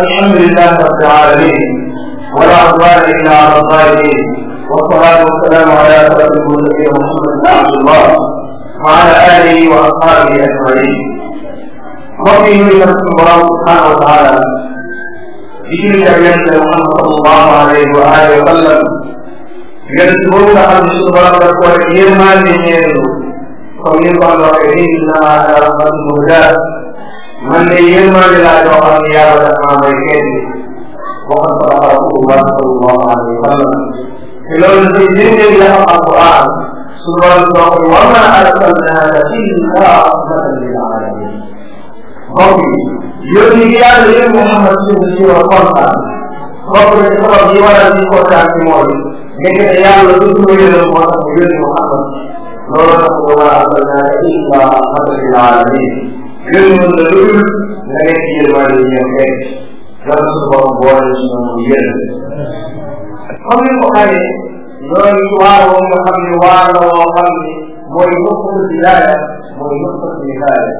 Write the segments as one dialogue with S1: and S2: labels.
S1: الحمد لله رب العالمين ولا عدوان الا على الظالمين والصلاه والسلام على اشرف المرسلين محمد بن عبد الله وعلى اله واصحابه اجمعين mbokk yi ñuy def suñu borom subhanahu wa taala di julli ak yonent bi Muhammad sallallahu alayhi wa alihi wa sallam yonent boobu nga xam ne suñu borom daf ko rek yéen maa ngi ñeelu comme ni ko waxee nii innamaa ana rasulullah man de yërmande laa joo xam ne yàlla dafa maa may kenn waxal ko rasulullah sallallahu alayhi wa sallam te loolu ci dindin la am alquran su loolu soo ko wa ma arsalnaaka illa rahmatan lil alamin mbokk yi yónni gi yàlla yëpp Muhammad suñu ci war kontaan mbokk yi sabab yi waral di kontaan ci mooy ndekete yàlla du ko yëral moo tax mu yónni Muhammad loolu nag wa ma arsalnaaka illa rahmatan lil alamin yërmande la lu dul nga nekk ci yërmande yi ñoom fekk yàlla suñu borom boole si ñoom mu yërmande comme ni ko xamee loolu ci waar woon nga xam ne waar la woo xam ne mooy nuqatu bilaaya mooy nuqatu nihaaya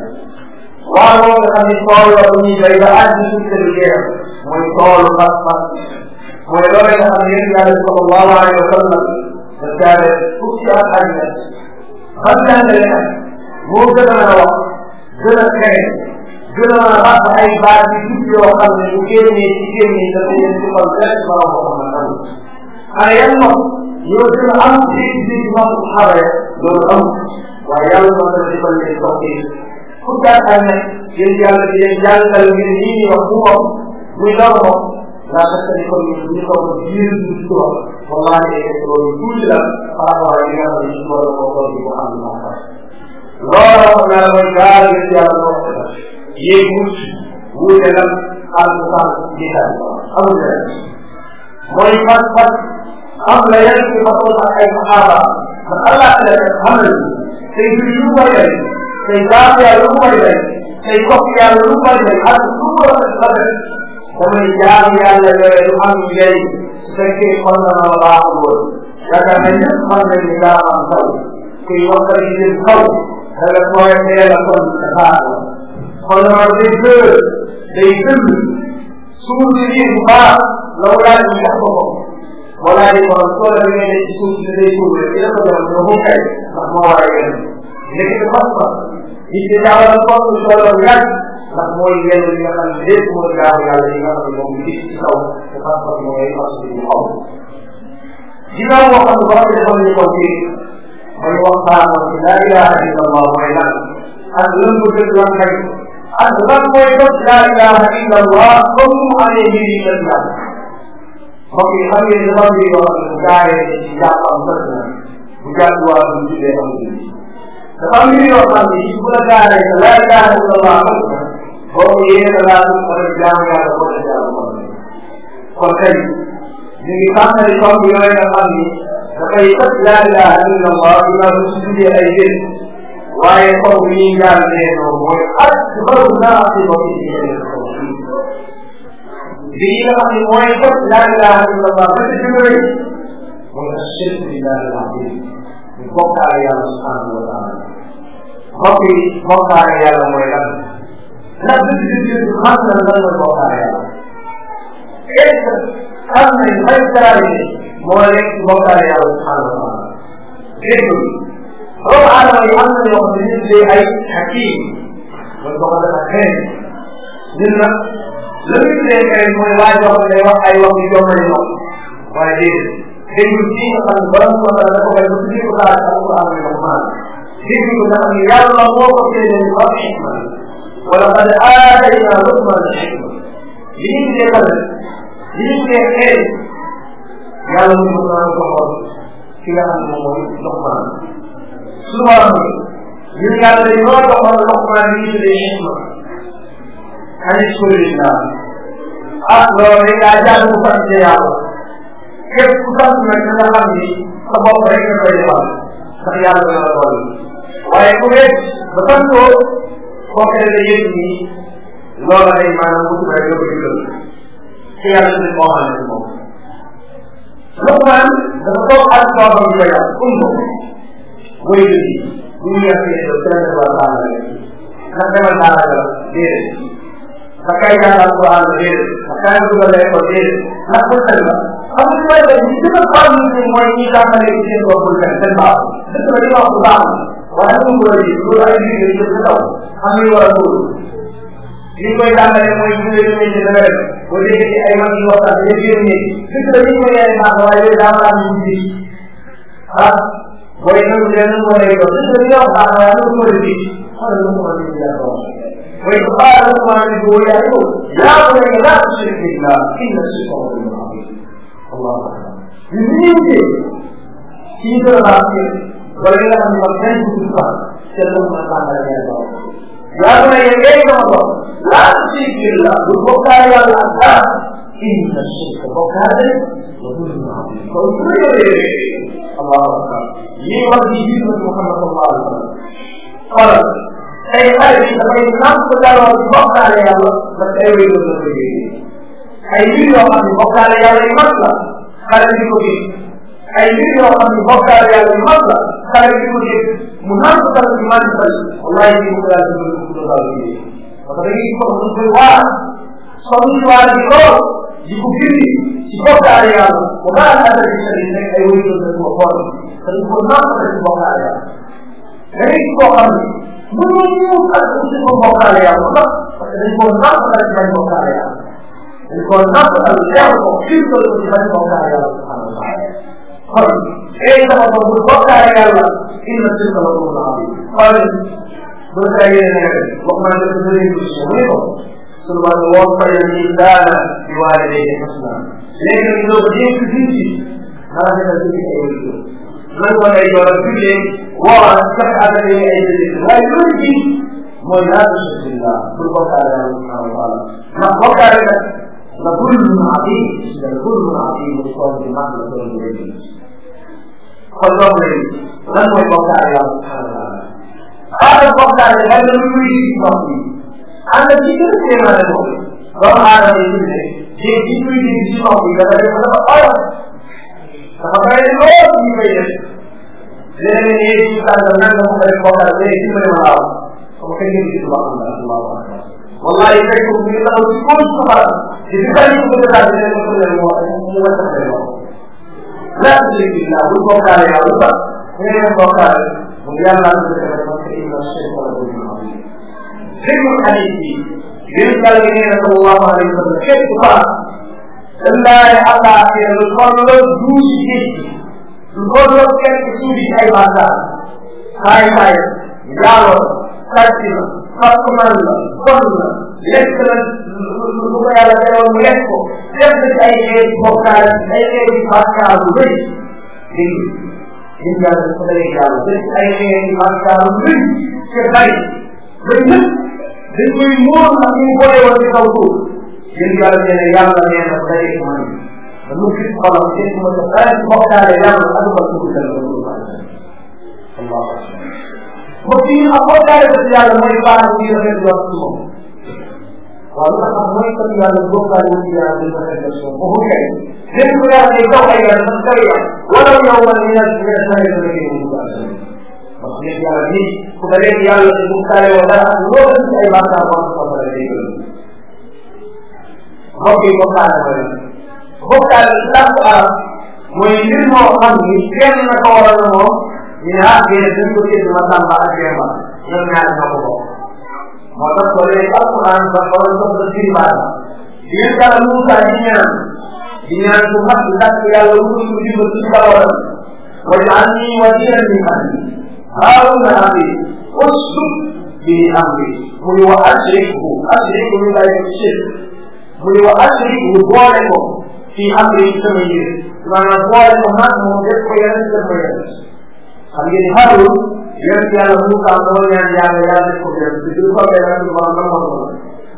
S1: waar woon nga xam ne tool la bu ñuy bay ba àgg suuf sa liggéeyam mooy toolu pas-pas mooy loolu nga xam ne yéen yàlla sallallahu alayhi wa sallam da caa def fukki at àgg na xam naa ne moo gën a mën a wax gën a baat yu jub yoo ne bu génnee ci génnee dafa leen ci xol rek ba ko xam na xane yan nopp ñoo gën a am ci ci am waaye yàlla moo dana defal leen mbokk ku gàttal ne yéen yàlla di leen jàngal mu moom muy law moom laa takkali ko ñu ko biir ñu ci wallahi loolu tuuti la par rapport ak li nga xam ne ci loolu moo ko di ko xam ne moo looloo mel mooy gaal gi yàlla loo xam ne yéeg wut wuute nag alquran di xel amul leneen mooy fas fas xam la yan ci fa ko sax ay saxaaba ba Allah la rek xam na tey jur lu koy def tey gaaf yàlla lu koy def tey gox yàlla lu koy def ak lu ko def damay jaar yàlla yooyu lu am njëriñ su fekkee kon na ma baaxul woon yaakaar nañ ne man nañ ni daa am taw kuy wax rek jëm kaw danga koy teel a kon xaar kon loolu day gër day gën suuf si lii bu baax la walaay ñu tax walaay kon soo demee ne ci suuf si day tuur rek yéen a ko def nga mu kay ndax moo war a yéen léegi di fas fas nit ñi jaawal fas lu solo yàgg ndax mooy yenn li nga xam ne lépp mooy gaaw yàlla yi nga xam ne moom gis ci kaw te fas fas mooy fas bi mu xaw ginnaaw boo xam ne borom bi defal ñu ko ci kon waxtaanoo ci laa ilaha illa allah mooy lan ak lan ko jël lan xëy ak lan mooy tos laa ilaha illa allah comme mu amee mbir yi lan la mbokk yi xam ngeen dafa mbir yoo xam ne jaaree ci jàppam sës na bu jàppuwaa bu jibee am mbir dafa mbir yoo xam ne yi bu la jaaree sa laa ilaha illa allah sës na boobu yéen a laa dugg wala jaamu yàlla wala jaamu kon tey ñu ngi tàmbali tomb yooyu nga xam ni dafay kat laa ilaha illa allah dinaa ko tuddee ay jën waaye kaw mi ñaan nee noo mooy ak baru naa si ba ci bi nga xam ne mooy kat laa ilaha illa allah ba ci jógee mooy ashirk billahi alazim ñu bokkaale yàlla subhanahu wa taala mbokk yi bokkaale yàlla mooy lan lan dëgg dëgg xam na lan la bokkaale yàlla est-ce que xam nañ bay taari moo nekk bokkaale yàlla subhanahu wa taala dégg doomu aadama yi am na ñoo xam ne ñu ay hakim mooy boo xam ne xëy ñun nag la ñu tuddee xëy mooy waa joo xam ne day wax ay wax yu yomb lañu wax waaye dégg dégg ci nga xam ne borom ko dara dafa koy bëgg ñu ko laaj ak ko am ñu ko maan dégg ko nga xam ne yàlla moo ko séedee ñu wax xikma wala qad aatayna lukman xikma li ñu tuddee xëy li ñu tuddee xëy yàlla mu ngi naan ko xool ci nga xam ne mooy Luqmaan su borom bi ñun yàlla dañu war a doxal Luqmaan li ñu tuddee xikma ani skulillah ah loolu dañ daa jàng bu sant yàlla képp ku sant nag nga xam ni sa bopp rek nga koy defal ndax yàlla dana la doon waaye ku wéet ba sant ko kooku ne la yëg ni loola day maanaam bu tudd rek nga koy jël te yàlla dina ko waxal moom Luqman dafa toog ak baabam di ko yàq umma mooy dëgg bu ñu yàqee daf dana defal baala rek ndax demal baala la déedéet ndax kay jàng la déedéet ndax kay dugal école déedéet ndax bu sell la xam nga mooy dañ ñu gën a baal nit ñi mooy ñi tàmbalee ci seen bopp seen seen baax dëgg la li wax bu baax la waaye bu mu ko loolu ay liggéey yëpp ci kaw li koy tàmbalee mooy jiw yooyu ñu dana dem boo déggee ay mag yu waxtaan dañuy génn ñi dëkk la ñu koy yaay baax waaye yooyu daa am ñu ci ah booy nangu leen nangu lay doon dëkk la ñu wax baax waaye nangu ko dëkk xool lu ko mën a ko mooy ko xaaral lu ko mën a dëkk boo yaay ko laa ko nekk laa ko suñu dëkk la kii la suñu ko mën a Allah ñu ñu ci ci dara baax wala nga xam ne moom kenn du ko fa te lu ko mën a tàmbalee yaa ngi lay yëngee sama bopp laa sikkil la du bokkaale yàlla ak dara inna shirka bokkaale wa dulmun azim kon su la yëngee allahu akbar lii wax di jiitu na Muhammad sallallahu alayhi wa sallam kon tey xarit bi dafay nàmp dara du bokkaale yàlla ba tey wéy la ko yëgee ay mbir yoo xam ne bokkaale yàlla yu mag la xarit bi ko gis ay mbir yoo xam ne bokkaale yàlla yu mag la xarit bi ko gis mu naan ko dara ci maa ngi bari wallaahi lii moom daal di bëgg ko dund daal di parce que da ngay ko xam koy waar soxna si waar di lool di ko bindi ci bopp daal yàlla ba maa ngi àndal ci sëriñ nekk ay wéy doon ko xool te dañ ko naan ko ci bopp daal yàlla da ngay ko xam ne mën nga ñëw ak ci ko bopp daal xol léegi dafa ko bu bokkaale yàlla inna sirka la ko xol bu la yéene nekk wax naa def sa réew si mu ne ko sunu bàtt woo fay na ni daana di waale léegi xas naa léegi nag ñoo ko dégg si si dara dina si si ay wér lan ko ngay door a jullee waa sax àggal yi ay jëlee waaye loolu ji mooy laata sa si la bu bokkaale yàlla subhanahu wa taala ndax bokkaale nag la kullu mun aqiim la kullu mun aqiim mu soog di mag la soog di kon loolu lay lan mooy bokkaale yàlla xaaral bokkaale la nga lu muy ci ndox mi am na ci gën a téemale ko loolu xaaral lay gis ne jéeg bi muy dégg ci ndox mi dafa def dafa oyof dafa bëri lool ñu koy def léeg-léeg yéen ci sàngal nan nga ko def bokkaale léegi ci bëri ma laaw ba ko ngeen gis wax na allahu akbar wallahi fekk mu ngi taxaw ci góor ci subaar di di bëri ko ko daal di leen ko leen wax mu wàcc ko lépp lépp li nga xam bokkaale yàlla sax ñeneen bokkaale mu yàlla la defee parce que inna shaytan la bëgg xam déglu xarit yi yéen tal gi nee na sallallahu alayhi wa sallam képp fa dallaay allah yéen lu tolloog duusi géej gi lu tolloog kenn suuf yi ay bàkkaar saay saay yaaloo sàcc na fàttumal la bon la lekk la lu ko yàlla deroon mu lekk ko def na ci ay xeeti bokkaale ay xeeti bàkkaar bu rëy léegi liñ yàlla dafa dalee yàlla def ci ay xeeti bàkkaar bu rëy te bari dañ nag dañ koy moom ak ñu boole woon ci kaw suuf yéen yàlla nee na yàlla nee na dalee ci man da lu gis xolam gis ma sa dara ci bokkaale yàlla aduma suuf dal ba lu baax Allah mbokk yi ak bokkaale ba ci yàlla mooy baax bi rafet wax ci moom waaw li nga xam mooy que yàlla bokkaale wu ñu yàlla def na xel soo ko bu xëy. lépp lu yàlla di kaw ay yàlla man kay yàlla wala yow man ñu naan ñu ne saa yàlla la koy wut. wax dëgg yàlla nii ku ba léegi yàlla di bokkaale wala dara loo gis ay bàkkaar wax ko fa la dégg. mbokk yi bokkaale ma leen. bokkaale sàkk aar mooy mbir moo xam ni kenn na ko waral moom ñu ne ah kii dañ ko jënd ma tàmba ak kéema ñoom ñaar ñoo ko bokk. moo tax ba léegi alquran ba xaw a soxla kilimaan di leen dara Moussa di ñaan di ñaan bu mag di tàkk yàlla lu ko suñu jubal suñu tawaram bi amri mu ni wa ashrikhu ashrikhu ñu bàyyi ko mu ni wa ashrikhu boole fi amri sama yére maanaam boole ko moom def ko yeneen def ko yeneen xam yéen si yàlla Moussa moo ñaan yàlla yàlla ko jëm si biir ko jëm si borom ba ko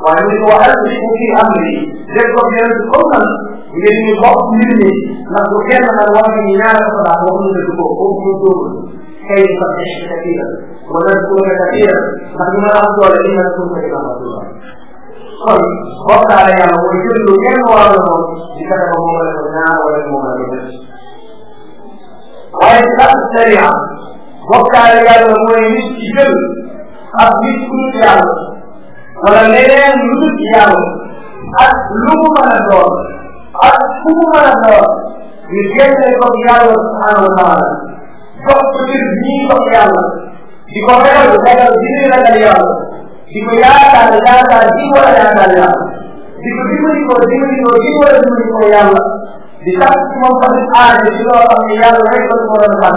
S1: waaye ñu ko waxal si ku fi am ni dégg ko jëm si comme man ngeen ñu bokk mbir mi ndax bu kenn nag wax ni ñaar ko daa wax ñu dëgg ko bokk ñu dóor kay fa nekk katira wala ko ne katira ndax ñu mën a am doole li nga ko koy wax kon bokkaale yàlla mooy jël lu kenn waral ko di fexe ko moom la ko ñaar wala moom la ko def waaye sax sharia bokkaale yàlla mooy nit ci jël ak nit ku dul yàlla wala leneen lu dul yàlla ak lu mu mën a doon ak fu mu mën a doon ñu génne ko yàlla subhanahu wa taala jox ko ci ñi ko yàlla di ko réew ragal di ne ragal yàlla di ko yaakaar yaakaar di war a yaakaar yàlla ko dimbali ko dimbali ko di war ko yàlla di tax ci moom tamit aada ci loo xam ne yàlla rek la ko a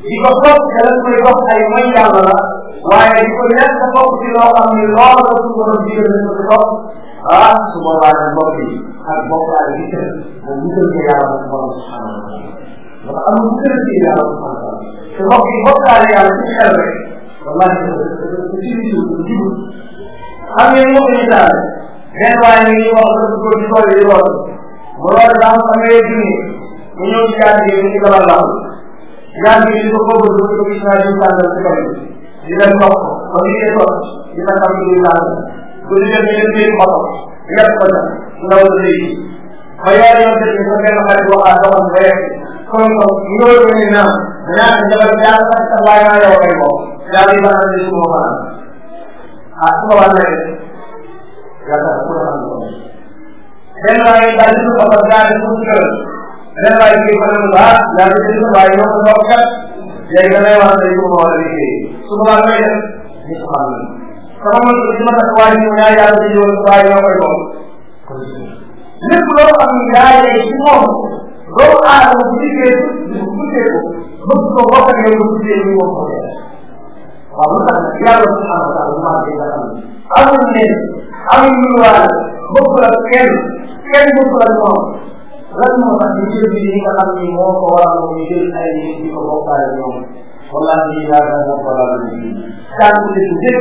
S1: di ko topp te lañ koy wax ay mooy yàlla la waaye di ko lekk topp ci loo xam ne loolu la su borom digal nañ ko topp ah su boobaa nag mbokk yi ak bokkaale gi tëdd mu wutal ko yàlla su borom subhanahu wa taala dafa am lu gën a ci yàlla subhanahu wa taala te mbokk yi bokkaale yàlla ci xel rek wallahi ci ci ci xam ngeen mbokk yi daal benn waaye mi ngi wax la ko di toll di loolu mu loolu daa am xam nga yëg ni mu ñëw ci yàlla mu ngi dalal laal ñaan bi ñu ko bëgg a dugg ci ñaari tànn ci kaw yi di leen topp ba ñu koy topp di ko xam ñu naan bu ñu dem ñu dem oto yàq ko nag ndaw la léegi ba yaa yoon te ñu ko benn xarit boo xam doxam ba yegg kon ko ñoo ñu ne naan ñaan jabar ñaan sax sa waay maa yow kay moom daal di ba andi su ma fa naan ah su ma war na def yaakaar ku la xam benn waay daal di ko fa daal di ko ci beneen waay bi ngeen ko def bu baax daal di déglu waaye yow sa bopp kat léegi da ngay wax ne ko war a liggéey su ko baax ngay def ñu ko xam ne sama man ci ma tax waaye ñu ñaar yàlla di yow waaye yow koy moom lépp loo xam ne yaayee ci moom doomu aadama bu liggéey ñu tuddee ko bëgg ko bokk ak yow tuddee ñu wax ko waaw lu tax nag yàlla subhanahu wa taala maa ngi lay amul ne amul ñu waal bëgg la kenn kenn bëgg la moom lan moo tax liggéey bi li nga xam ni moo ko waral ñu jël ay di ko bokkaale ñoom wallaahi lii yaa ngi ko waral ñu ji kàddu gi du jël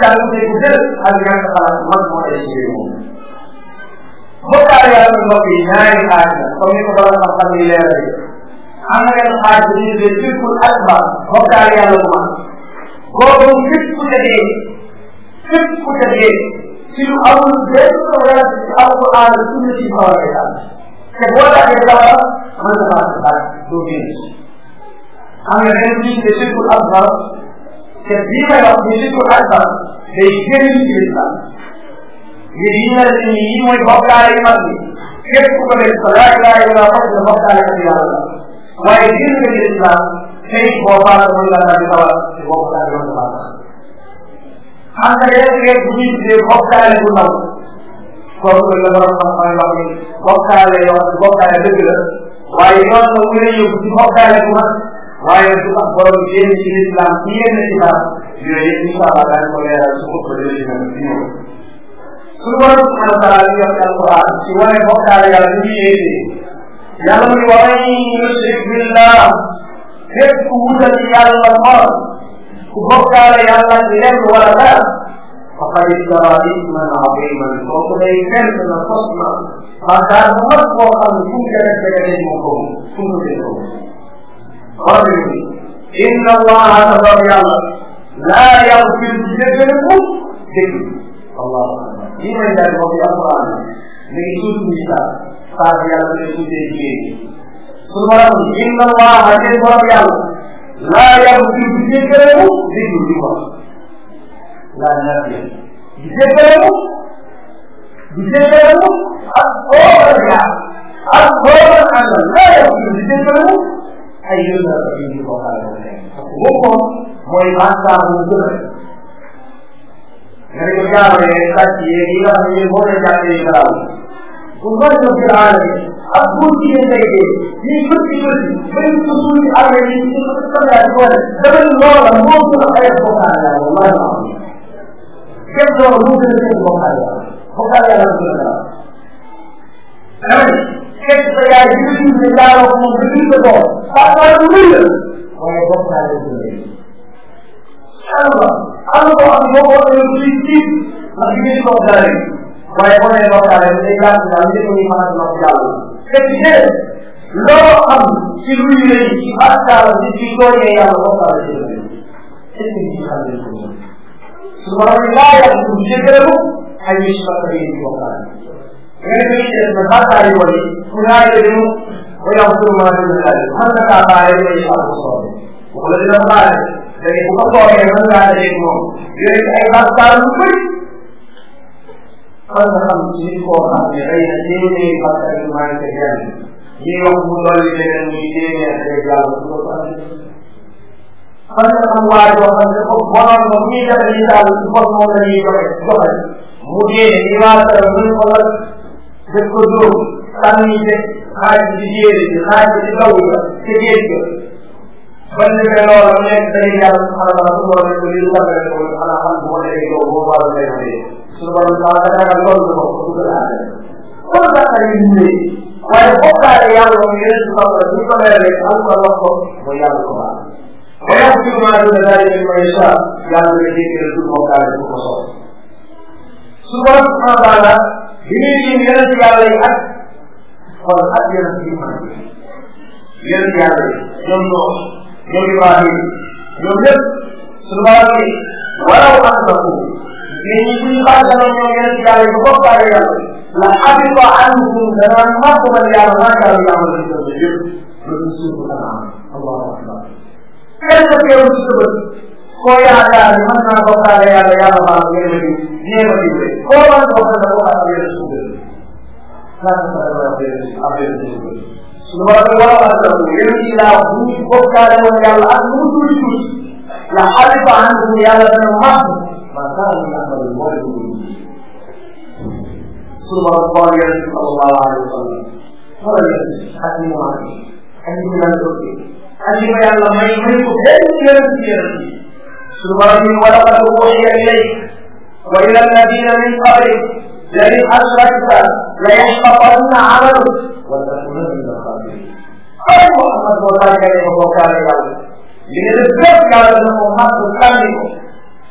S1: kàddu gi du jël ak ñàkk xalaat man moo ay liggéey moom bokkaale yàlla mbokk yi ñaari xaaj la comme ni ko borom xam-xam yi leeral am na ngeen xaaj bu ñu tuddee shirkul akbar bokkaale yàlla bu mag boobu képp ku ku ca dee ci lu amul te boo daanee dara mën na maa def ak doo génn am na ren bii de surtout akbar te bii may wax ni surtout akbar day génn ci lislaam ñu di ñu ne ni yii mooy bokkaale yu mag yi képp ku ko def laa ilaaha illa Allah xam ne bokkaale ak yàlla la waaye génn nga ci lislaam tey boo baax mën nga daal di tawal te boo ko daal di mën a baax xam nga léeg-léeg bu ñuy tuddee bokkaale bu ndaw kooku la borom xam-xam wax ni bokkaale yoo xam ne bokkaale dëgg la waaye yoon la mu lay yóbbu ci bokkaale bu mag waaye du tax borom génn ci lislaam ci yenn ci baax yooyu yëpp incha allah daañu ko leeral su ëpp la dina ci ñëw suñu borom subhanahu wa taala di wax alquran ci wane bokkaale yàlla ni muy yéete yàlla mu wa man yushrik billah képp ku wutal yàlla xol ku bokkaale yàlla ci lenn wala dara faqad iftara isman aziman kooku day fent na sos na bàkkaar bu mag boo xam ne fu mu ko defee rek moo ko fu mu ko defee xool bi inna allaha tabar yàlla laa yagfir di jégale ko dégg allahu akbar lii may daal boobu alquran mi ngi tuuti misaal saa bi yàlla day tuutee jigéen sunu borom inna allaha seen borom yàlla laa yagfir di laa ñaar yéen di jéggalu di jéggalu ak boo war a ak boo war a àndal laa yor di jéggalu ay yëngu la ak yëngu boo xam ne parce que boo ko mooy maanaam bu gën a nga ne ko jaaree sàcc yeeg yi nga xam ne boo leen jàppee garaaw bu mën a fi aale ak buur ci yéen tey de ñuy bëtti bëtti bëri ko suuf ci àll yi ci ko tëkkalaa ci boole dama loola moo gën a xayma boo xam ne wallaahi képp koo lu gën a jëm bokkaale yàlla bokkaale yàlla la gën a gaaw dama ne képp sa yaay bi nga gis ne daawoo ko moom bi nga ko bàkkaar bu rëy la waaye bokkaale la gën a rëy alba am na koo xam ne boo ko waxee lu ci ci ma ci gën ko dara rëy waaye boo nee bokkaale la day gàtt daal li ko ñu mën a noppi yàlla te ci ne loo xam ci luy rëy ci bàkkaar ci ci sooyee yàlla bokkaale la gën a rëy est ce que ñu xam ne ko su borom laa yàq ñu jéggalu ay yusuf ak ay yusuf waxtaan. yéen a ngi ciy def ba xaaral yu bëri su naa yëngu ba yàqu suñu mën a déglu daal de mën na kaa baale ba yusuf ak soxla wala dina baale léegi bu ko soxee mën ngaa dajee moom yooyu ay bàkkaar yu bëri fan nga xam ci koo xam ne xëy na téeméeri bàkkaar yu maa ngi koy jàng ñuy wax mu dolli leneen muy téeméer ak ay jàll su ko man la am waa joo xam ne foofu borom moom mi def li daal foofu moom la ñuy joxe joxe mu dee li waa sara mu ko la def ko dóor sànni de xaaj bi di jéere bi xaaj bi di daw la te géej ga ban defee loola mu nekk day yàlla subhanahu wa taala su borom ko lii war na ko ala xam bu wala ay yow boo wàllu lay xamee su borom taala ah dara loolu la ko ko dugal aade kon la ay nit waaye bokkaale yàlla moom yeneen su ko ñu ko leer rek alquran wax ko mooy yàlla ko baax ويغفر ما دون ذلك لمن يشاء yàlla na jéggal du bokkaale bu ko soxla su ko subhanahu wa taala bi muy lim yeneen yàlla yi ak xool ak yeneen yi mën yeneen yàlla yi ñoom ñoo ñoom Ibrahim ñoom ñëpp suñu baax bi walaw annahu nit ñi bu ñu xaajaloon ñoom yeneen yàlla yi ba bokkaale yàlla la xabita anhum danaan màkk man yàlla maa yàlla yàlla la ñu doon yëpp loolu suuf bu dana am allahu akbar kenn ku teewul ci sa bët koo yaakaar ne mën naa bokkaale yàlla yàlla baal yéen a ngi nee ma dimbali koo mën a bokkal dafa war a am yéen a suuf la laata sa dafa am yéen am yéen a suuf la su ma la war a am yéen a laa bu ñu bokkaale woon yàlla ak lu mu tuuti tuuti la xarifa anhu yàlla dana màgg ma kaa ñu amal mooy lu mu su ma la xool yéen a sallallahu alayhi wa sallam xool yéen ak ni mu amee ak ni mu naan ak li ko yàlla may may ko benn yërëm ci yërëm yi suñu borom ñu walaqad uuhiya ilayk wa ila alladina min qablik la in ashrakta la yaxbatanna amaluk wa takunanna min alxaasirin ay Muhammad moo tàggale ko bokkaale yàlla li nga def lépp yàlla na ko màgg kandi ko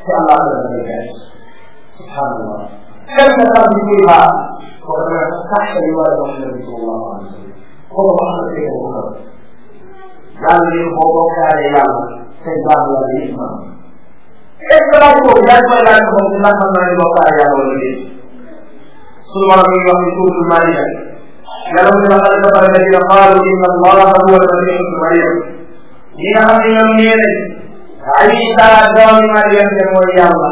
S1: ci Allah la lay gay subhanallah kenn nga xam ni kuy baax ko dana sax li wala Muhammad sallallahu alayhi wa sallam ko ko wax na ko yàlla li ñu ko bokkaale yàlla seen baax la yëpp ma est ce que laaj boobu laaj mooy laaj boobu ci laaj xam naa ne bokkaale yàlla wala déet suñu war a koy wax ci suuratul Maa'ida yàlla mu ne laqad kafara alladina qaalu inna allaha huwa almasihu ibnu maryam ñi nga xam ne ñoom nee nañ ay saa doomi Maryam te mooy yàlla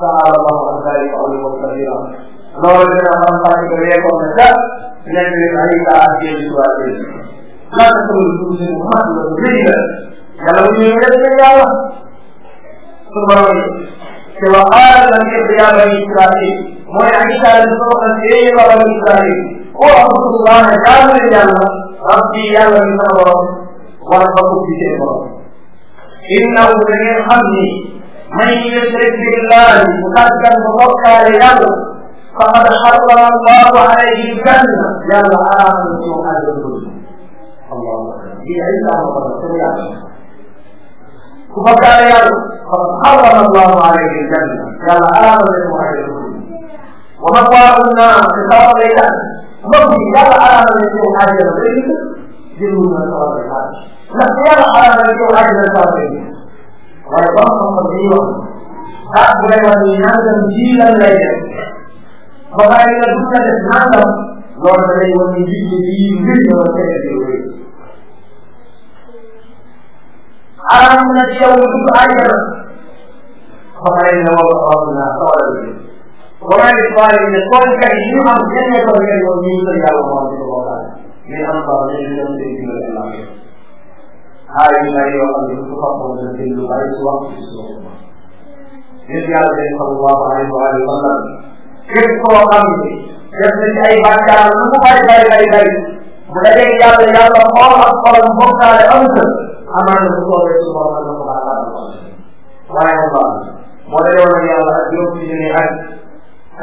S1: taala allahu an dalika uluwwan kabira loolu dina xam parce que weekoo na ca nekk ay saa ak jéem si waa laa taxawal suuf si bu mag la bu rëy la yàlla bu ñëwee rek la yàlla su borom yi te wa xaaral la ngir yaa bani Israil mooy Aïcha di soxla see wa bani Israil ko abdullah jaamu ne yàlla rabbi yàlla mi sama borom wala fa ko gisee borom innahu da ngeen xam ni man yushrik billahi mu tàggat mu bokkaale yàlla faqad harrama allahu alayhi janna yàlla araamal ci moom àjjana Allah di Isa Rasulullah. Kepada yang Allah Allah alaihi jannah yang aman dan muhayyid. Wa maqamunna bisawalika. Mabdi yang aman dan muhayyid. Jilmu sawalika. Nak yang aman dan muhayyid sawalika. Wa yaqamu qadiwa. Tak boleh wanita dan jilan lainnya. Bahaya kita jangan dalam luar dari wanita di sini di sini. xaraam na ci yow dugg àjjana xamal ne moom xamal naa soxla bi xamal ne soxla bi ne tooñkat yi ñu am ñenn ñoo tooñ leen moom ñu ngi koy yàlla moom di ko bokkaale mais am solo ne ñu dem seen dimbal yàlla ak yow xaar yi ngay yoo xam ne su ko xamal na seen lu bari su wax ci suuf yëpp yàlla day sallallahu alayhi wa alihi wa sallam képp koo xam ne def na ci ay bàkkaar lu mu bari bari bari bari mu dajeeg yàlla yàlla xool ak xolam bokkaale amul amaana bu soobee ci borom na ko baal waaye baal moo da yoon ak yàlla ak juróom ci junni ak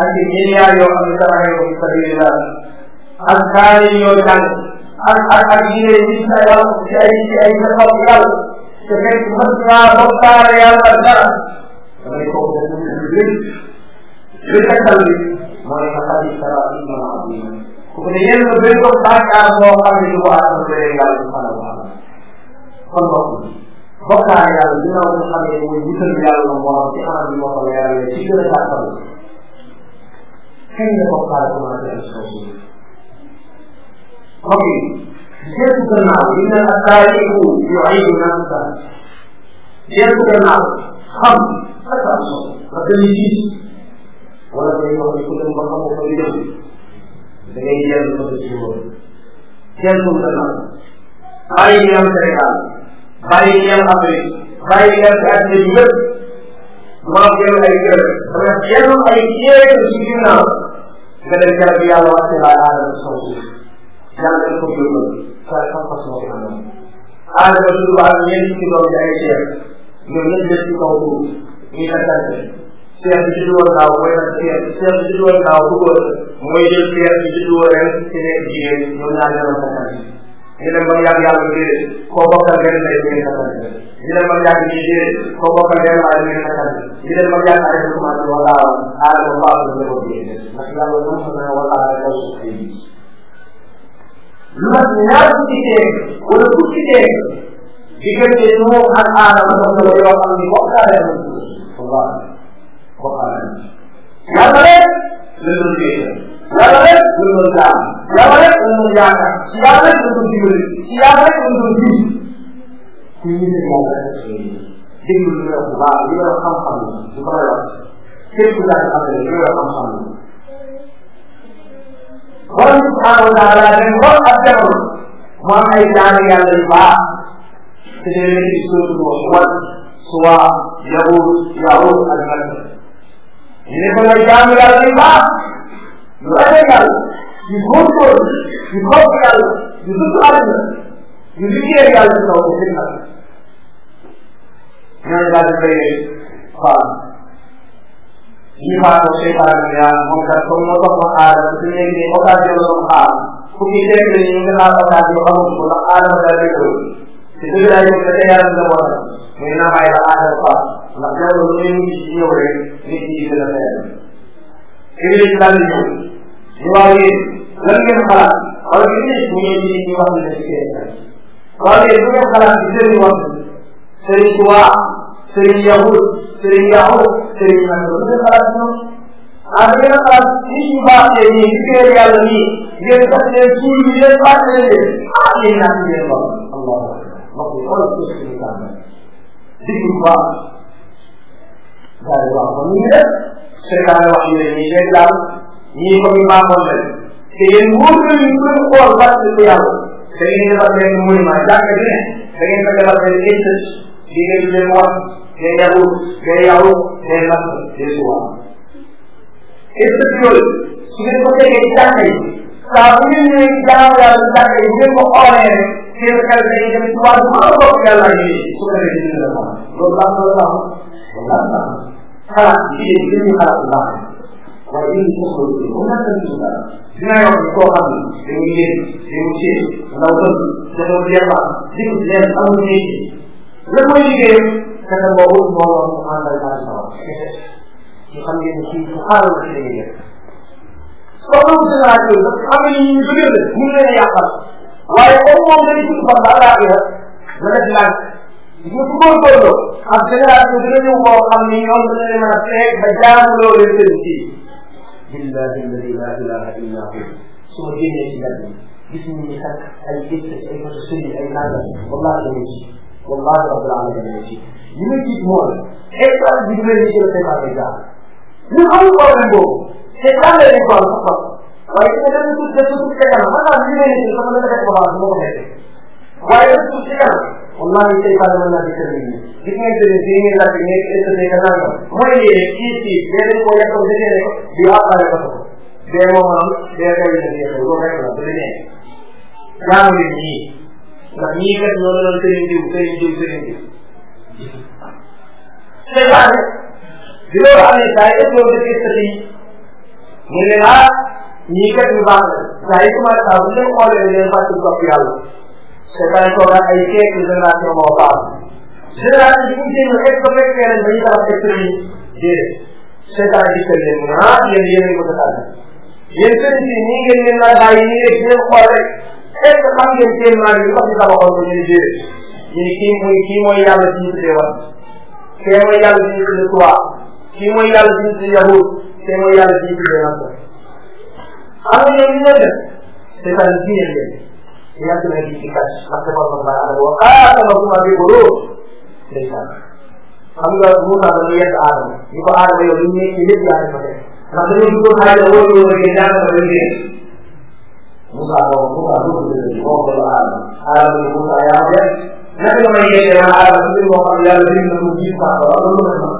S1: ak ci milliards yoo xam ne saraxee ko ci sabilillah ak kaari yoo jàng ak ak ak yére yi ci ay wàll ci ay ci ay saxaw yàlla te fekk mën naa bokkaale yàlla dara damay ko ko li li tegtal bi mooy nga xam ne dara ak ñu mën a am ku ne yéen a bëri ko bàkkaar boo xam ne du ko àttan kon nag bokkaale yàlla ginnaaw bi nga xam ne mooy wutal yàlla la borom ci anam bi moo ko leeralee ci gën a gàttal kañ la bokkaale commencé am ci kaw suuf mbokk yi jeexu gannaaw li ne la taariku yuidu nafsa jeexu gannaaw xam ak am solo nga gën a gis wala day wax ne ku dem ba xamoo fa jëm da ngay jël fa ci woon jeexu gannaaw bàyyi ñu am Sénégal bàyyi ñeel Amérique bàyyi ñeel si àddina bi yëpp maam ñeel ay kër dana yenn ay jéeg ci ginnaaw nga dem yàlla bi yàlla wàcce laa aadama ci kaw suuf yàlla dañ ko yóbbal waaye xam-xam moo fi amoon aadama suñu baal ñeent ci doom yi ay jeeg ñoom ñëpp ñëpp ci kaw suuf ñu takkante seet bi juddu woon daaw mooy nag seet seet bi juddu woon daaw bu góor mooy jël seet bi juddu woon ren ci nekk jigéen ñoom ñaar ñoo takkante ñu ne moom yàgg yàlla déedéet koo bokkal benn mbéy mi nga xamante ñu ne moom yàgg ñuy déedéet koo bokkal benn aada mi nga xamante ñu ne moom yàgg ah, aada commencé wala aada aada ba baax la ko déedéet ndax yàlla moom xam naa wala aada daw ko fi lu mat ñaar fukki teeg wala fukki teeg diggante moom ak aada ma dox la yoo xam ni bokkaale na Allah bokkaale na yàlla rek la doon féete yàlla rek la doon gaam yàlla rek la ñu yaakaar ci yàlla rek la ñu dimbali ci yàlla rek la ñu ji ñu ngi nekk yàlla déglu li nga wax bu baax li nga wax xam-xam la li ko lay wax képp ku laaj affaire yi li nga wax xam-xam la borom bi subhanahu wa taala leen war ak jamono mu am ay jaami yàlla yu baax te day nekk ci sóotu bu wal suwa yawut yawut ak nag ñu ne ko mooy jaami yàlla yu baax lu rafet yàlla ñu góorgóorlu ñu topp yàlla ñu dëkk àdduna ñu liggéey yàlla ci kaw seen àll. ñooñu daal di koy faal ñu faatoo seytaane bi yàlla moom kat comme moo topp aadama su nekk nii occasion la doon xaar ku ci teg ni ñu ngi laal occasion amul ko ndax aadama daal di koy te dëgg daal di ko yàlla dina ko waxee muy naa may la aadama faal ndax yàlla lu muy mujj ci ñëw rek nit ñi di gën a fayal. émi daal di ñëw ñu waaw yéen lan ngeen xalaat wala ñu ne ñu ngi ñu ngi wax ne ci kenn wala yéen bu ngeen xalaat ci sëriñ wax sëriñ Tuubaa sëriñ Yahud sëriñ Yahud sëriñ nag lu ngeen xalaat ñoom ah da ngeen xalaat nit ñu baaxee nii ñu gën yàlla nii ngeen sax leen suul ñu leen baax leen leen ah yéen naa ci leen wax Allah mbokk yi xoolal suuf si ñu tànn digg bu baax daal di wax ba ñu def seytaane wax ñu ne ñii leen daal ñii comme ñu baaxoon leen te yéen wóor nañu ñu koy xool bàtt ko yàlla da ngeen defal benn monument jàkka bi ne da ngeen fa defal benn étage di ngeen leen wax day yàggu day yàggu day lakk day suwaan étage yooyu su ngeen ko tegee ci jàkka yi saa bu ngeen ñëwee jaamu yàlla ci jàkka yi bu ngeen ko xoolee rek seen xel day dem ci wàllu mën a bopp yàlla yi su ko defee dina la xam loolu baax na la xam xalaat ci yéen li ñu xalaat baax waaye yéen ñu ko xool dinaa yor koo xam ne dañuy yéen dañuy séen ndaw tënk dañoo jeexal di ko leen am métier la koy liggéeyam kese boobu moo wax mu àndal daal sawar ñu xam ngeen ne kii bu xaaral la ci dañuy def soo ko gis naa ci parce que xam nga ñu jógee la ñu ngi leen a yàqal waaye comme moom dañuy tudd ba ba laa ira la def laaj ñu ko góorgóorloo ak génération bi nga ñëw koo xam ni ñoom dina leen mën a feeg ba jaamu loolu seen kii billahi alladi la ilaha illa hu su ma génnee ci mbedd mi gis ñu ni takk ay gëtt ay photo sëriñ ay nangam wallahi dama ci wallahi rabbil alamin dama ci li ma jiit mooy état bi du mel ni jël seen bàq jaar ñu amul problème boobu c'est pas le même problème sax waaye su ma dem tuuti def tuuti ca kanam maanaam li mel ni sama dama def ko baax du ma ko nekk waaye def tuuti ca kanam wallahi seytaane mën naa dikkal nit ñi gis nga sëriñ si ñuy laaj nekk état ka nangam mooy lii kii si dee dañ koo yàqal dëgg rek di waxaale ko ko dee moo am dee kaw yi nekk loolu rek la bu di nekk jaamu leen ñii ndax ñii kat ñoo doon sëriñ diw sëriñ diw sëriñ diw seytaane di loolu amee saa yi ëpp loolu dëgg état yi mu ne ah ñii kat ñu baax la saa yi commencé saa bu ñu leen xoolee leen fàttali topp yàlla te pare koo ay seeti génération moo baax génération bi ñu génn est ce que fekkee leen ba ñu tabax économie déedéet seetaan di kër leen mu ah yéen yéen a ko defal yéen sëriñ si nii ngeen leen laa bàyyi nii rek ngeen xool rek est ce que xam ngeen seen maam yi wax ñu tabaxoon ko ñu ne déedéet ñu ne kii mooy kii mooy yàlla si ñu tuddee wan kee mooy yàlla si ñu tuddee tuwa kii mooy yàlla si ñu tuddee yahud kee mooy yàlla si ñu tuddee nasa am na ñoom ñu leen def seetaan di leen leen yàgg na di ci kàcc ndax defal na baax aadama wax ah sama bu ma bi bëru ndeysaan xam nga Moussa dañu yedd aadama ñu ko aadama yow liñ nekk lépp yaa ko def ndax dañoo duggoon xaalis woo ñu woo ngeen ñaan na leen Moussa moom Moussa dugg dëgg moo ko la aadama aadama ni Moussa yaa ko def naka nga may yeggee man aadama ci boo xam ne yàlla bind na mu jiit sax ba am lu ma xam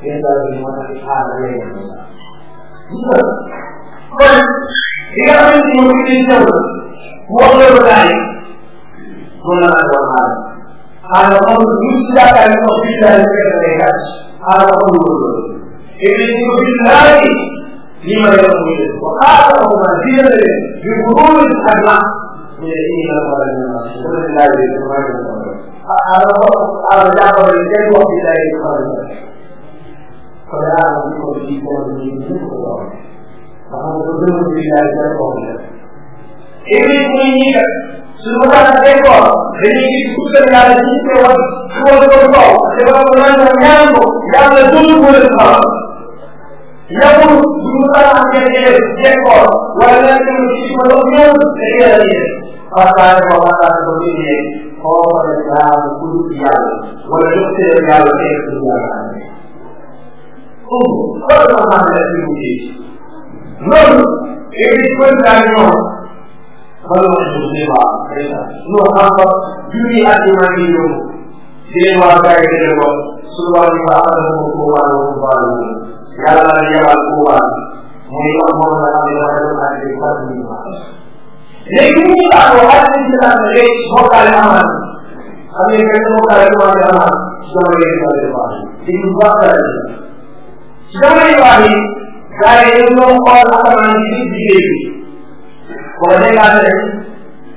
S1: ngeen daal di mën a fi aadama lay kon li nga xamante ni mu ngi wax la ko daal na laa doon aar aar amul lu si yaakaar ne wax billaay la fekk day gàcc aar amul ko doon et puis ko billaay lii ma yor muy leen wa aar amuma dina leen bi nguur ak naa mu ne ini la ko daal ñu naan ko la laaj leen ko maa ngi ko aar ko aar jàppale leen kenn wax billaay ko maa ngi ko kon aar ko di ko di ko di ko ko wax ndax amul ko gën a billaay ko wax billaay léegi ñun ñii kat suñu ko xasee day xool dañuy gis ku gën yàlla ci ñu koy wax su ko defee lu kaw te ba ko naan la ñaan ko yàlla dundu ko leen xamal yàggul bu ñu xalaat am ngeen di def jéem xool wala nga xam ne ci ma doon ñëw dañuy yàlla di def waxtaane ko waxtaane ko ñu yéeg koo ko ne daal ku dul yàlla wala jox seen yàlla tey ku dul yàlla loolu loolu loolu mooy suuf si waaw dégg nga ñu xam ko junni at yi maa ngi ñëw di leen waa gars yi di leen wax suñu wax ñu baax na ko ko waa ko waa la yàlla la yabal ko waa muy wax moom la xam ne dafa doon ànd ak waa ñu baax léegi ñu baax ko wax nañ ci naan léegi mokkaale amaan xam ne kenn mokkaale commencé amaan ci dama leen di baax baax di ñu baax la ci dama leen baax yi gars yi ñu doon xool asamaan ci biir liggéey bi boo déggee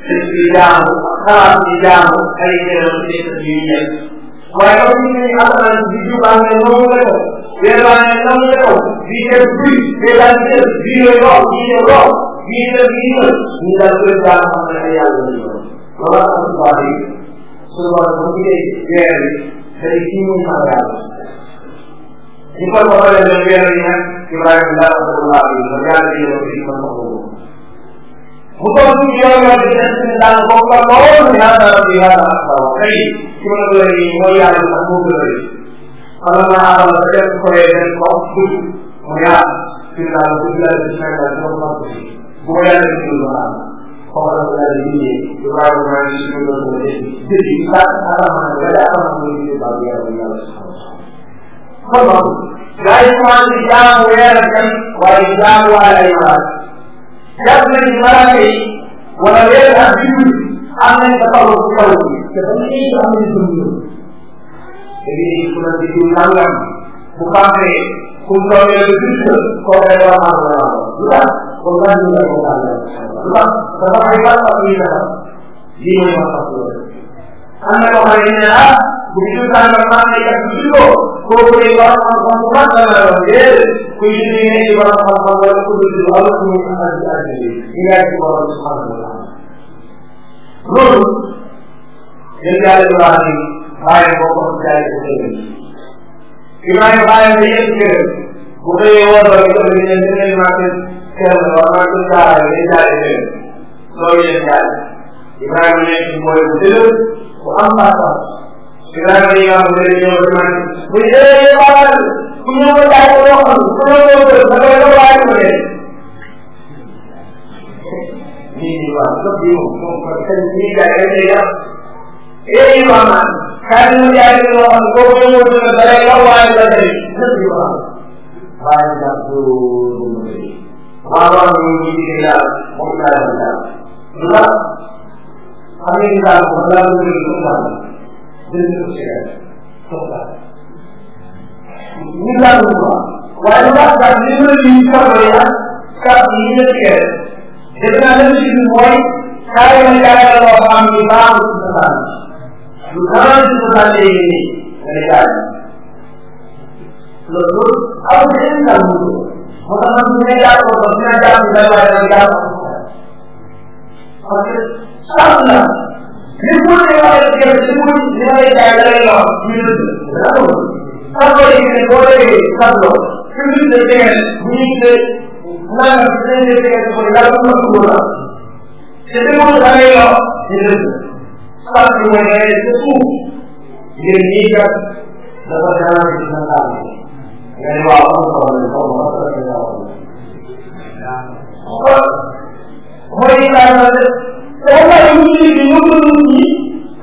S1: sëñ bi jaamu xalaat bi jaamu ay jërëm nekk yu ñëw waaye comme ni ñu amal di jubal ne noonu la ko yéeral ne noonu la ko bii dem bii bii daal di dem bii la yoo bii la yoo bii la bii la ñu daal koy jaamu xam ne yàlla la yoo loolu am na tubaab yi su loolu bu ñu dee weer bi day kii muy xam yàlla ñu ko waxee ne weer bi nag Ibrahima daal ko laaj yi ma yàlla di yoo fii ma ko Mohammed வியாபாரத்தின் தான் கொண்டோடு இவர்களுடைய நோயாளர் சமூகங்கள் பலமான يا إخوان الإسلام ويا لكم والإسلام على الإيمان def nañ malaaka yi wala weer ak jiwu am nañ sa kaw ci kaw ci te ba léegi am nañ sa mbuur te ku la jiwu nangam bu baaxee mu doon yële gis nga koo koy war a mën a lu tax kon laa ñu la ko baax lu tax dafa ay baax ak ñuy dara lii mooy na koo xam ne ah bu ñu tànn maa ngi def jiwu kooku day war a mën a mën a mën a kuy liggéey ci borom xam-xam wala ku dul wala ku muy xamal ci àddina bi ñu laaj ci borom subhanahu wa taala loolu yéen yàlla di wax ni bàyyi ko ko jaay ko xëyal Ibrahima bàyyi na yëpp këram bu xëyee woon ba ñu ëpp ñu ne ñu maa ko teel na war naa ko jaarale day jaaree këram loolu yéen yàlla Ibrahima nekk mooy bu dëgër bu am pas-pas Ibrahima yi nga xam ne dañoo ñëw ba ñu naan bu ñu bu ñu ko jaay ko yokku ko yokku ko da ngay doon waaye ko dee. lii di waa lépp di moom moom mooy seen lii jaay rek lay def. yéen yi waa man kàddu ñu jaay ko loo xam boo ko yëngu ko da ngay doon waaye ko dee lépp di waa. waaye daal du du mu dee. waa waa ñu ngi ci daal moom daal di daal. lu la xam ngeen daal ko balaa nga jël ko daal jël ko ci daal. ñu daal di ko waaye bu baax daal li ma lim kàddu yi ak kàddu yi la teel def naa leen ci biir mooy kaay ma jaay la loo xam ni baaxul ci sa lu baaxul ci sa léegi nii nga ne jaay loolu aw seen kàddu moo tax man dina jàpp ko dina jàpp dara waaye dina jàpp parce que sàmm la li mu ne waaye gerte li mu ne jaay la lay lor ñu dëgg sargoo yi ngeen boo déggee sargoo publicité bi ngeen ministre naan ministre bi ngeen ko yàlla ko dugg la te te mu da ngay yor ñu dëgg sarg bi mooy ngay def suuf ngeen nii kat dafa dara ci na taal nga ne waaw am na solo ko ma ko def na waaw mooy daal na te wala ñu ci ñu ko ñu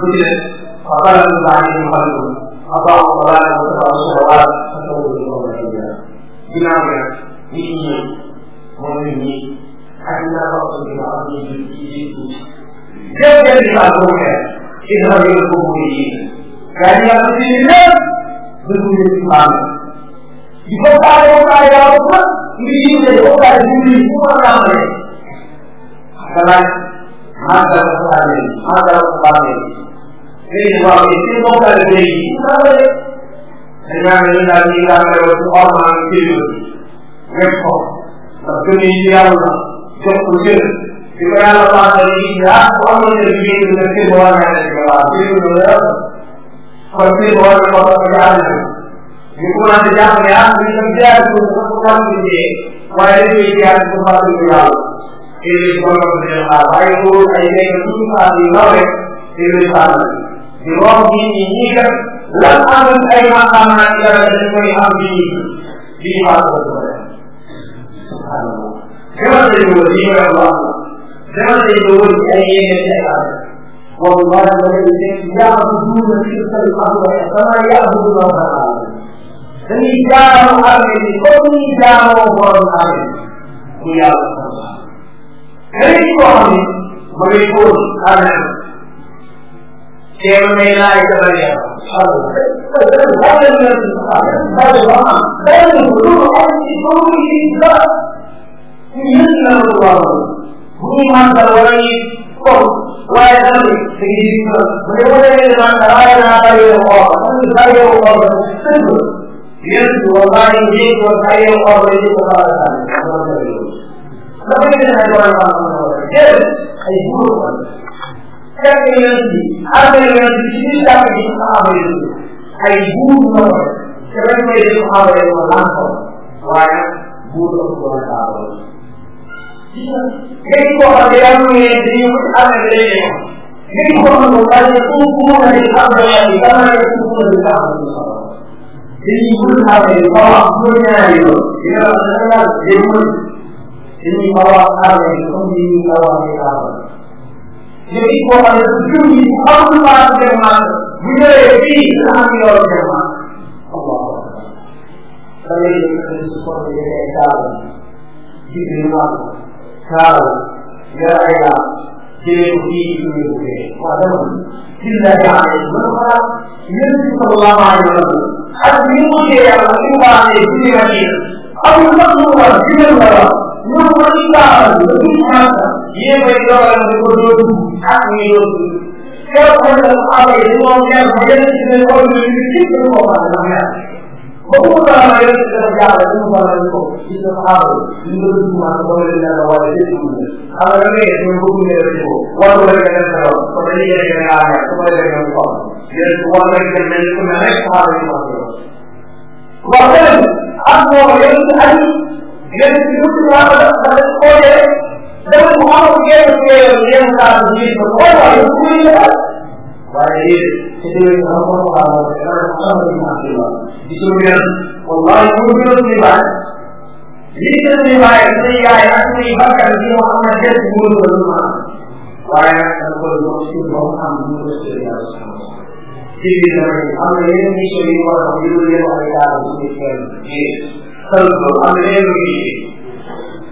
S1: ذكرت فقلبوا عليهم قلبهم أطاعوا الصلاة واتبعوا الشهوات فتوبوا إلى الله جميعا بمعنى بإيمان مؤمنين أن الرسول العظيم يجيكم جد لقلبك اذهب إلى القبوريين يعني يا رسول الله ذكر الإسلام يفتح لك يا رسول يجيب لك يجيب لك هذا هذا هذا léegi waaw mais suñu bokkaale béy yi dañ naan dañu daal di gàllankoor ci ormaan période bi wépp ko ndax gëm yi ci yàlla la jox ko jël di ko yàlla baaxal yi ah bu amoon na bi ñu ne seen war naa nekk waaw période la kon seen war na ko ko jaar na ñu commencé jàpp ne ah ñu dem jaar ko ko war ñu jee waaye dañuy jaar ko fa ko yàlla et les bonhommes de la waaye ko ay nekk tout ça di lawe et les di wax nit ñi ñii kat lan amul ay maqaamaat yàlla dañ koy am di di fàttali ko def. demal say dugg ci yàlla bu baax demal say dugg ci ay yeneen ay àll. والله الذي يعبدون تلك الأهواء كما يعبدون الأهواء dañuy jaamu àll bi comme ni jaamoo borom àll bi mu yàlla dañuy ko xam ne ma ngay ko àll teew nañ laay defal yàlla. waaw. fekk yonent bi arme yonent bi ci biir jàpp ji saxaaba yi ay buur la ko te bañ koy def saxaaba yi ko lan ko waaye nag buur la ko doon saxaaba yi léegi koo xam ne yàlla mu yéen dañu ko ci arme bi dañu ko léegi koo xam ne daal ne suuf bu mun a def saxaaba yi ak dama ne suuf bu mun a def saxaaba yi dañuy mun saxaaba yi ba wax bu ñaari yoon di nga wax dana daal dañu mun dañuy ba wax arme bi comme ni ñuy ba wax saxaaba yi léegi boo xam ne jiw bi amul baax bu ñëwee fii nga xam ne yow vraiment Allah da ngay def su ko defee ay taal ji bi maal taal yàlla ay laal jëlee ko fii ci biir bu dee waaw dama ci la jaaree mën na ko yéen ci sa lama yi la ak ni mu jee yàlla ni mu baaxee ci biir ak amul nag mu war a jëlee wala ñoom ko ci taal ñu ñaata yéen a dogal di ko dóor ak ñu dóor képp ku nekk xaaral yi moom kenn ku nekk ci biir xool yi ñu ci biir xool ak ndax ñaar ba mu ko doon rek ci dafa jaara ci mu faral ko ci sa xaaral ñu ko dóor mu ak doole leen la wala ci mu ne xam nga ngay ñu ko ñu la ci ko wala rek nga def ko ko dañuy yéen nga ñaar ñaar ko wala nga ko yéen ko wala rek nga mel ko mel rek xaaral ci wax wax ak moo yéen ci ay yéen ci lu ci wax da ko yéen dafa mu am yenn kër yenn saa yu jiitu lool waaye bu muy yëngal waaye yéen ci déwén dama ko ko xaaral te dama ko xam ne maa ngi lay di ci lu yëngu wallahi bu mu gënoon di baax lii gën di baax ak suñu yaay ak suñu bakkan bi nga xam ne des bu mu gën ma waaye nag dama ko doon si ba mu am bu mu gën si yàlla subhanahu wa ci biir dama ne am na yeneen mission yu war a yu leen wax ak yàlla bu ñu kenn di sal am na yeneen mission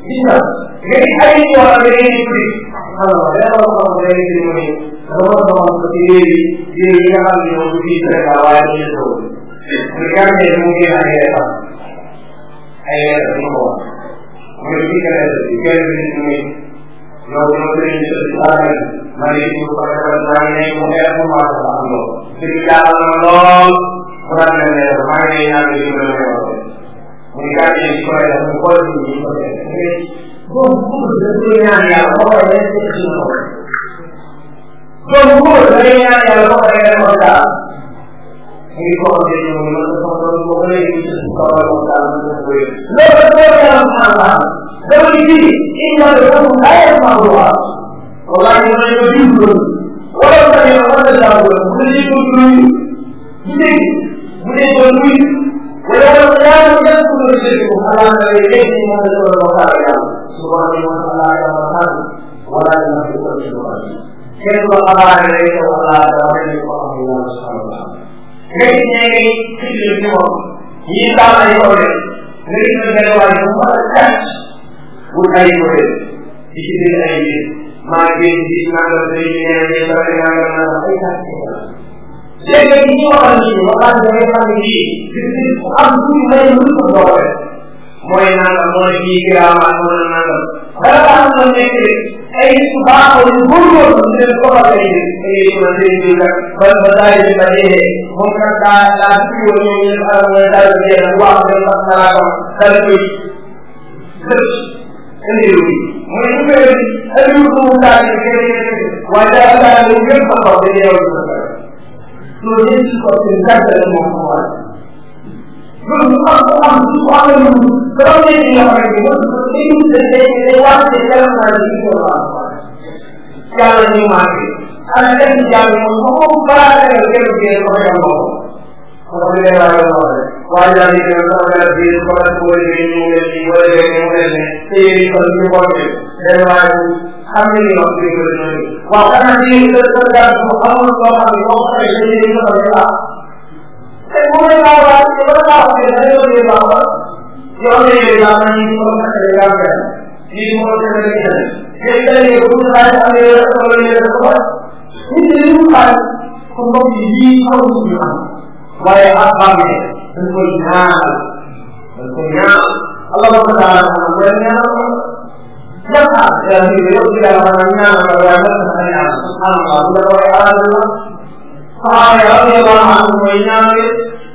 S1: gis nga jadi hari itu orang beri ini Allah ya Allah beri ini Allah Allah beri ini dia akan diuji terkawal itu berikan dia mungkin ada apa ada semua mungkin ada jika ini Lalu mungkin sesuatu mari itu perkataan yang mungkin memahami Allah. Jika Allah orang yang bermain yang dimainkan, mereka yang sekolah yang berkuasa di sekolah Sebenarnya oleh Tuhan. Sungguh sebenarnya oleh Allah. Ini kalau dia mengulang sesuatu boleh kalau kita boleh. Lepas dalam Allah. Seperti inna lakum ayat Allah. Orang yang beriman, orang yang bertakwa, boleh beriman. Jadi, boleh beriman. Walau tidak ada pun boleh beriman. Allah yang beriman adalah Allah. يتلو القضاء عليه والصلاة والسلام وصحبه وسلم. لكن يعني كل اليوم يطلع يقول لكن من قال ما تحتاج وكاي يقول يشيل الأيدي ما بين جسم على الدنيا يشيل على الأرض لكن هو قلبي وقال لي قلبي قلبي لا يملك الضوء. mooy naan mooy kii giraama mooy naan dara am na nekk ay nit ku baaxoo ñu góorgóorlu ñu leen soxal ay nit da ngay mën a dégg nag ba ba daay bi ba dee moom nag daa daa tukkoo ñoom ñu def alam mooy daal di dee waaw dañ tax salaamam daal di koy dëkk indiw bi mooy ñu koy indiw ko mu daal di koy waaye daal daal ñu yëpp ba xaw dañuy yow di ko loolu yëpp ci ko seen gàttal moom ko waral loolu am am ci ko amee lu gërëm leen di yàq rek ñu ñu tëddee day wàcce gërëm naa di ko wax yàlla ñu màgg ana def jàng moom ba ko balaa dara gërëm gërëm ko yàlla ko ko ko lay waaye ko waaye daal di gërëm ko la di ko la ko wala di ñu wala di wala di ñu wala di te yéen ko ñu ko ci day waaye xam ne yoon bi ko ñu waaw kana di ko ko daal ko xamul ko xam ko ko ko ko ko te bu may baaxoon te loolu baaxul te da ngay doon baaxoon yoo xam ne yooyu baax na ñu ko mën a defee yaa ngi leen ñu ko defee rek ñu dem te ñu ko defee rek am na yoo xam ne yoo xam ne nit ñi ñu xaar ko mbokk yi lii xaw ma ñu am waaye ak baax mi dañ koy ñaanal dañ koy ñaanal Allah ko taala xam nga ñaanal ko ñaanal yaa ngi yow ci yàlla maanaam ñaanal ko waaye dafa ñaanal subhanallah bu la ko waxee alhamdulillah saxaaba yi radiyallaahu anhum mooy ñaanal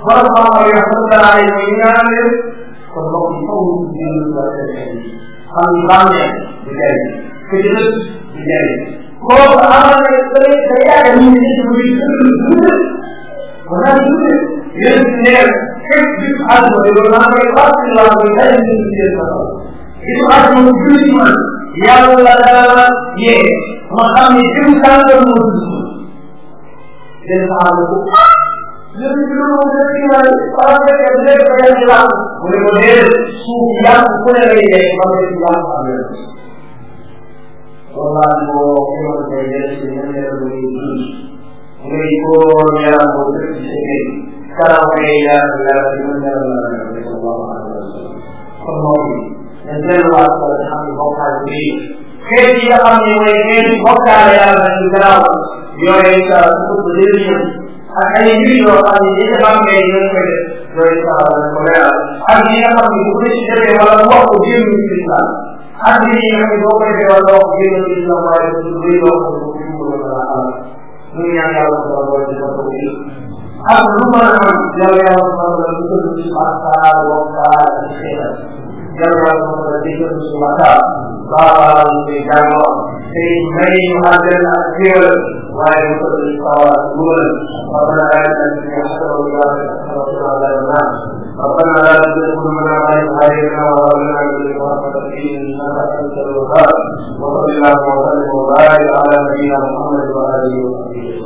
S1: borom xam-xam yi rahmatullaahi alayhi mooy ñaanal kon mbokk yi faw ñu jël la seen xam ni bàmmee du jëriñ ku jëlal du jëriñ kooku amal na day day yaakaar ni nit ñi muy dund kon daal dund yéen si neer képp bisu àdduna bi loolu maa ngi wax si laa koy daal di ñu jël sa kaw bisu àdduna bu julli man yàlla dana yee ma xam ni jëm sàngal moo dund benn saxaaba ne ko yéen ñu doon wax ne kii naa ne xanaa fekk bu nekk da ngeen di laal mu ne ko déedéet suuf yàlla ku ne lay dee ba mu nekk laal am na loolu laa ne ko kii ma koy def ci ñoom ñoo doon dund mu ne ko ñaar ko dëkk ci seen kanam ngay ñaar ñaar ci ñoom ñaar la la ne ko waaw am na solo kon moom ne delluwaat ko xam ne bokkaale bi xeet yi nga xam ne mooy xeeti bokkaale yàlla ci gannaaw yooyu saa su ko jëlee ak ay mbir yoo xam ne yéen a baax ngay yéen koy def yooyu saa la ko leeral ak yi nga xam ne bu ko ci defee wala wax ko génn ci islam ak yi nga xam ne boo ko defee wala wax ko génn ci islam waaye du bëri loo xam ne bu ko wala ala ñu ñaan yàlla ko wala ci ko ci ak lu mën a am yàlla yàlla ko wala ci ko ci ak saa wax saa ci xeetal جرت نبي الشركاء قال الجمع في من هذا الأخير وينصر القاتلون ربنا لا تنسي حسن الله حسن على الناس ربنا لا تزغ قلوبنا بعد إذ هديتنا وهب لنا من لدنك رحمة إنك أنت الوهاب وصل اللهم وسلم وبارك على نبينا محمد وآله وصحبه